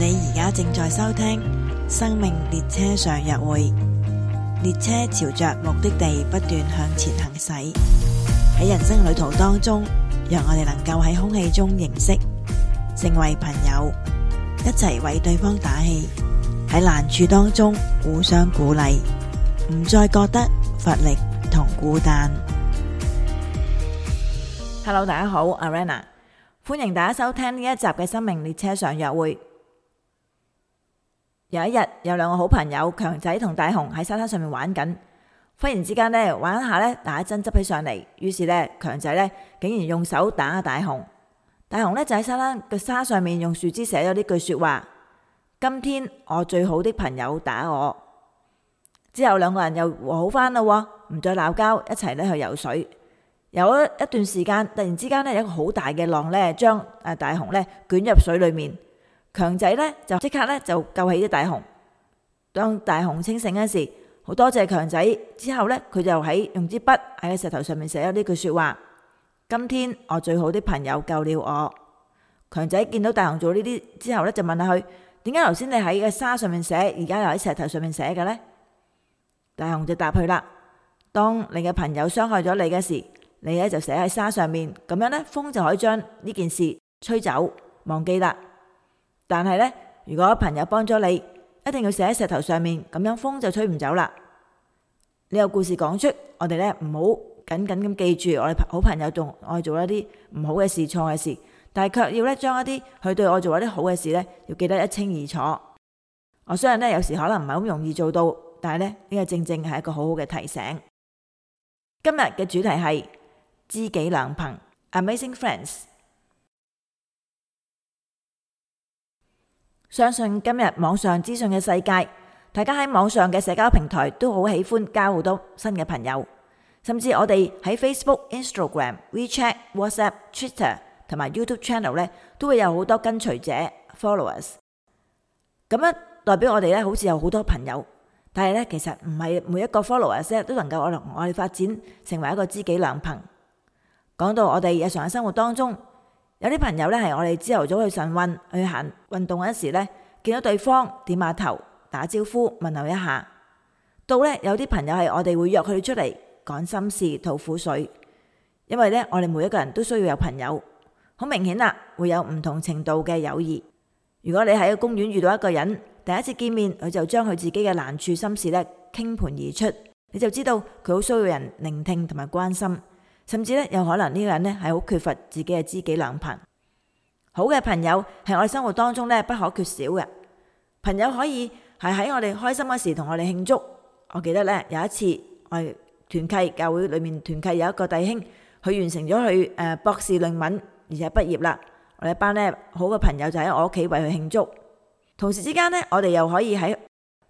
你而家正在收聽《生命列車上約會》，列車朝着目的地不斷向前行駛。喺人生旅途當中，讓我哋能夠喺空氣中認識，成為朋友，一齊為對方打氣。喺難處當中互相鼓勵，唔再覺得乏力同孤單。Hello，大家好，Rana，歡迎大家收聽呢一集嘅《生命列車上約會》。有一日，有兩個好朋友強仔同大雄喺沙灘上面玩緊。忽然之間呢，玩一下呢，打一爭執起上嚟，於是呢，強仔呢，竟然用手打下大雄。大雄呢，就喺沙灘嘅沙上面用樹枝寫咗呢句說話：今天我最好的朋友打我。之後兩個人又和好返啦，唔再鬧交，一齊呢去游水。游咗一段時間，突然之間呢，有一個好大嘅浪呢，將誒大雄呢捲入水裏面。強仔呢，就即刻呢，就救起啲大雄。當大雄清醒嘅時，好多謝強仔。之後呢，佢就喺用支筆喺個石頭上面寫咗呢句說話：今天我最好啲朋友救了我。強仔見到大雄做呢啲之後呢，就問下佢：點解頭先你喺個沙上面寫，而家又喺石頭上面寫嘅呢？」大雄就答佢啦：當你嘅朋友傷害咗你嘅時，你呢就寫喺沙上面，咁樣呢，風就可以將呢件事吹走忘記啦。但係呢，如果朋友幫咗你，一定要寫喺石頭上面，咁樣風就吹唔走啦。呢個故事講出，我哋呢唔好緊緊咁記住，我哋好朋友仲愛做一啲唔好嘅事、錯嘅事，但係卻要呢將一啲佢對我做一啲好嘅事呢要記得一清二楚。我相信呢有時可能唔係咁容易做到，但係呢，呢、呢個正正係一個好好嘅提醒。今日嘅主題係知己良朋，Amazing Friends。相信今日網上資訊嘅世界，大家喺網上嘅社交平台都好喜歡交好多新嘅朋友，甚至我哋喺 Facebook、Instagram、WeChat、WhatsApp、Twitter 同埋 YouTube Channel 呢，都會有好多跟隨者 Followers。咁樣代表我哋呢好似有好多朋友，但係呢其實唔係每一個 Followers 都能夠我同我哋發展成為一個知己良朋。講到我哋日常嘅生活當中，有啲朋友呢，係我哋朝頭早去晨運去行運動嗰時呢，見到對方點下頭打招呼問候一下。到呢，有啲朋友係我哋會約佢哋出嚟講心事吐苦水，因為呢，我哋每一個人都需要有朋友。好明顯啦，會有唔同程度嘅友誼。如果你喺個公園遇到一個人，第一次見面，佢就將佢自己嘅難處心事呢傾盤而出，你就知道佢好需要人聆聽同埋關心。甚至咧，有可能呢個人呢係好缺乏自己嘅知己良朋。好嘅朋友係我哋生活當中呢不可缺少嘅朋友。可以係喺我哋開心嗰時同我哋慶祝。我記得呢有一次我哋團契教會裏面團契有一個弟兄，佢完成咗佢誒博士論文，而且畢業啦。我哋班呢好嘅朋友就喺我屋企為佢慶祝。同時之間呢，我哋又可以喺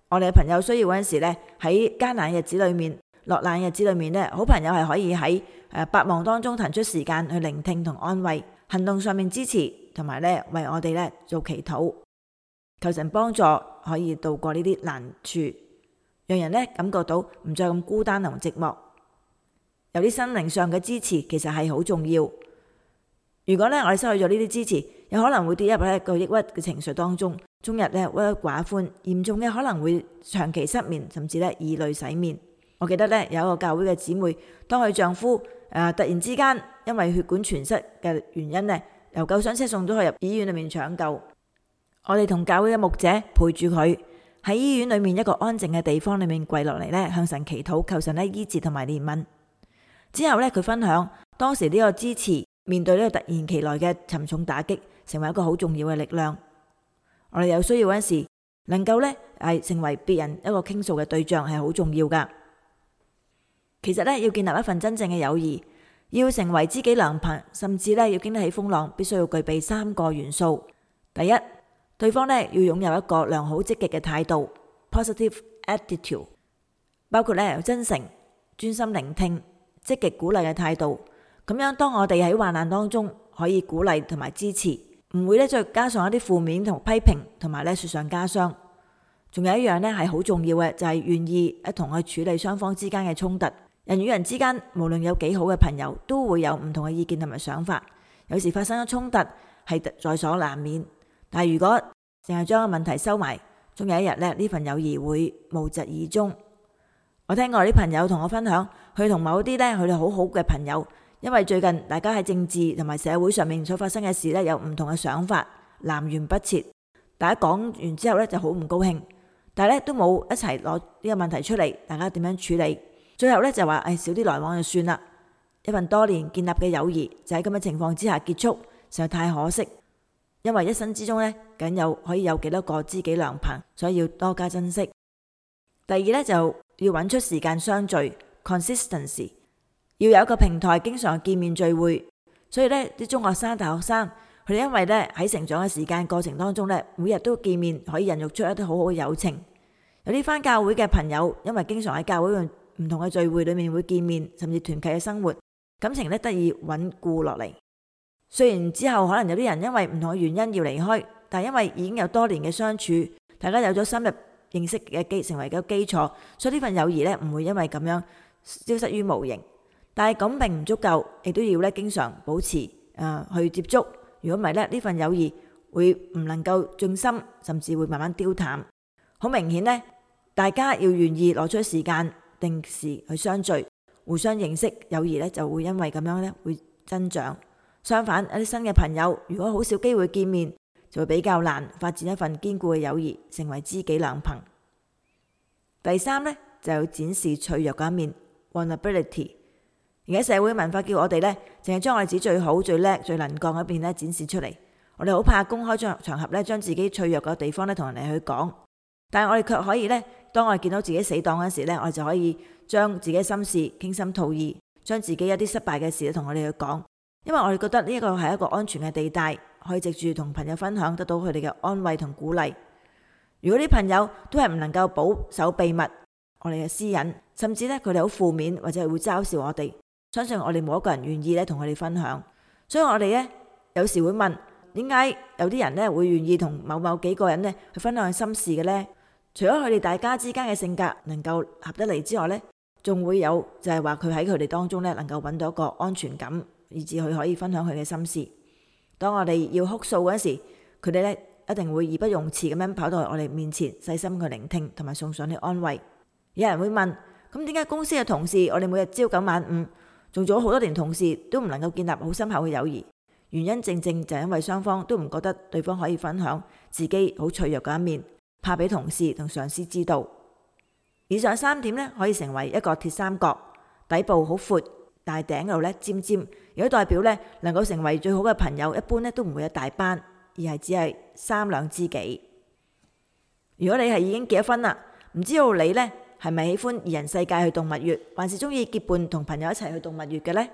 我哋嘅朋友需要嗰陣時呢喺艱難日子裏面。落難日子裏面呢，好朋友係可以喺誒百忙當中騰出時間去聆聽同安慰，行動上面支持，同埋呢為我哋呢做祈禱，求神幫助可以度過呢啲難處，讓人呢感覺到唔再咁孤單同寂寞。有啲心靈上嘅支持其實係好重要。如果呢我哋失去咗呢啲支持，有可能會跌入一個抑鬱嘅情緒當中，終日呢鬱鬱寡歡，嚴重嘅可能會長期失眠，甚至呢以淚洗面。我記得呢，有一個教會嘅姊妹，當佢丈夫誒突然之間因為血管栓塞嘅原因呢由救傷車送咗去入醫院裏面搶救，我哋同教會嘅牧者陪住佢喺醫院裏面一個安靜嘅地方裏面跪落嚟呢向神祈禱，求神呢醫治同埋憐憫。之後呢，佢分享當時呢個支持，面對呢個突然其來嘅沉重打擊，成為一個好重要嘅力量。我哋有需要嗰時，能夠呢係成為別人一個傾訴嘅對象，係好重要噶。其實要建立一份真正嘅友誼，要成為知己良朋，甚至要經得起風浪，必須要具備三個元素。第一，對方要擁有一個良好積極嘅態度 （positive attitude），包括咧真誠、專心聆聽、積極鼓勵嘅態度。咁樣，當我哋喺患難當中可以鼓勵同埋支持，唔會再加上一啲負面同批評，同埋雪上加霜。仲有一樣咧係好重要嘅，就係、是、願意一同去處理雙方之間嘅衝突。人與人之間，無論有幾好嘅朋友，都會有唔同嘅意見同埋想法。有時發生咗衝突，係在所難免。但係如果淨係將個問題收埋，總有一日呢，呢份友誼會無疾而終。我聽過啲朋友同我分享，佢同某啲呢佢哋好好嘅朋友，因為最近大家喺政治同埋社會上面所發生嘅事呢，有唔同嘅想法，南轅北轍。大家講完之後呢，就好唔高興，但係呢，都冇一齊攞呢個問題出嚟，大家點樣處理？最後呢，就話誒少啲來往就算啦，一份多年建立嘅友誼就喺咁嘅情況之下結束，實在太可惜。因為一生之中呢，僅有可以有幾多個知己良朋，所以要多加珍惜。第二呢，就要揾出時間相聚，consistency 要有一個平台，經常見面聚會。所以呢，啲中學生、大學生，佢哋因為呢，喺成長嘅時間過程當中呢，每日都見面，可以孕育出一啲好好嘅友情。有啲返教會嘅朋友，因為經常喺教會唔同嘅聚會裏面會見面，甚至團契嘅生活感情呢，得以穩固落嚟。雖然之後可能有啲人因為唔同嘅原因要離開，但係因為已經有多年嘅相處，大家有咗深入認識嘅基，成為嘅基礎，所以呢份友誼呢唔會因為咁樣消失於無形。但係咁並唔足夠，亦都要呢經常保持誒去接觸。如果唔係呢，呢份友誼會唔能夠進深，甚至會慢慢凋淡。好明顯呢，大家要願意攞出時間。定時去相聚，互相認識，友誼咧就會因為咁樣咧會增長。相反，一啲新嘅朋友如果好少機會見面，就會比較難發展一份堅固嘅友誼，成為知己良朋。第三呢，就要展示脆弱嘅一面 （vulnerability）。而家社會文化叫我哋呢，淨係將我哋自己最好、最叻、最能幹嗰一面呢展示出嚟，我哋好怕公開將場合呢，將自己脆弱嘅地方呢同人哋去講。但係我哋卻可以呢，當我哋見到自己死黨嗰時呢，我哋就可以將自己心事傾心吐意，將自己一啲失敗嘅事同我哋去講。因為我哋覺得呢個係一個安全嘅地帶，可以藉住同朋友分享，得到佢哋嘅安慰同鼓勵。如果啲朋友都係唔能夠保守秘密，我哋嘅私隱，甚至呢，佢哋好負面或者係會嘲笑我哋，相信我哋冇一個人願意呢同佢哋分享。所以我哋呢，有時會問，「點解有啲人呢會願意同某某幾個人呢去分享佢心事嘅呢？」除咗佢哋大家之間嘅性格能夠合得嚟之外呢，仲會有就係話佢喺佢哋當中呢，能夠搵到一個安全感，以至佢可以分享佢嘅心事。當我哋要哭訴嗰時候，佢哋呢一定會義不容辭咁樣跑到我哋面前，細心去聆聽同埋送上啲安慰。有人會問：咁點解公司嘅同事，我哋每日朝九晚五，做咗好多年同事，都唔能夠建立好深厚嘅友誼？原因正正就係因為雙方都唔覺得對方可以分享自己好脆弱嘅一面。怕俾同事同上司知道。以上三點可以成為一個鐵三角，底部好闊，但係頂嗰度尖尖。如果代表能夠成為最好嘅朋友，一般都唔會有大班，而係只係三兩知己。如果你係已經結婚啦，唔知道你呢係咪喜歡二人世界去度蜜月，還是中意結伴同朋友一齊去度蜜月嘅呢？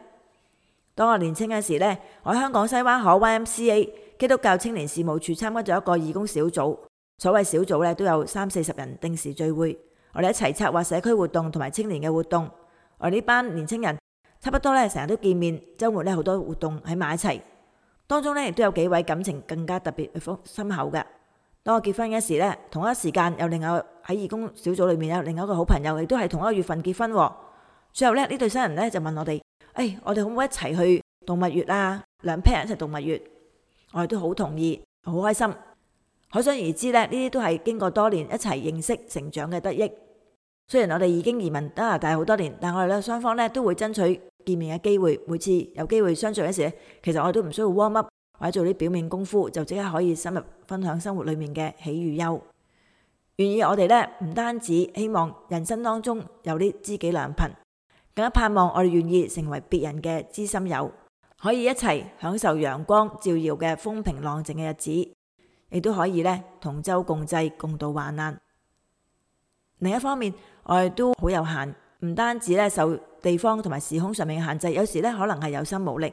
當我年青嗰時呢，我喺香港西灣河 YMCA 基督教青年事務處參加咗一個義工小組。所謂小組咧，都有三四十人定時聚會，我哋一齊策劃社區活動同埋青年嘅活動。我哋呢班年青人差不多咧，成日都見面，周末咧，好多活動喺埋一齊。當中咧，亦都有幾位感情更加特別、深厚嘅。當我結婚嘅時咧，同一時間又另外喺義工小組裏面有另一個好朋友，亦都係同一個月份結婚。最後呢，呢對新人呢就問我哋，誒，我哋可唔可以一齊去度蜜月啊？兩批人一齊度蜜月，我哋都好同意，好開心。可想而知呢，呢啲都係經過多年一齊認識、成長嘅得益。雖然我哋已經移民加拿大好多年，但我哋咧，雙方呢都會爭取見面嘅機會。每次有機會相聚嗰時，其實我哋都唔需要 warm up 或者做啲表面功夫，就即刻可以深入分享生活裏面嘅喜與憂。願意我哋呢，唔單止希望人生當中有啲知己良朋，更加盼望我哋願意成為別人嘅知心友，可以一齊享受陽光照耀嘅風平浪靜嘅日子，亦都可以呢，同舟共濟，共度患難。另一方面，我哋都好有限，唔單止呢，受地方同埋時空上面嘅限制，有時呢，可能係有心無力。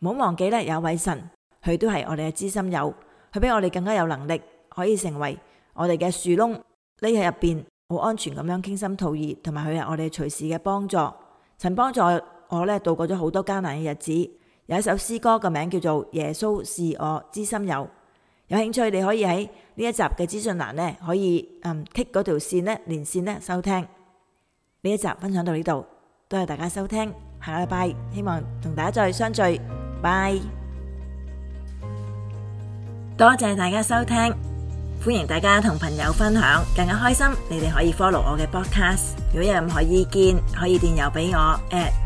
唔好忘記呢，有位神，佢都係我哋嘅知心友，佢比我哋更加有能力，可以成為我哋嘅樹窿。匿喺入邊好安全咁樣傾心吐意，同埋佢係我哋隨時嘅幫助。曾幫助我呢，我度過咗好多艱難嘅日子。有一首詩歌嘅名叫做《耶穌是我知心友》。有興趣，你可以喺呢一集嘅資訊欄咧，可以嗯 tick 嗰條線咧連線咧收聽。呢一集分享到呢度，多謝大家收聽，下個禮拜希望同大家再相聚，拜，多謝大家收聽，歡迎大家同朋友分享更加開心。你哋可以 follow 我嘅 podcast，如果有任何意見，可以電郵俾我 at。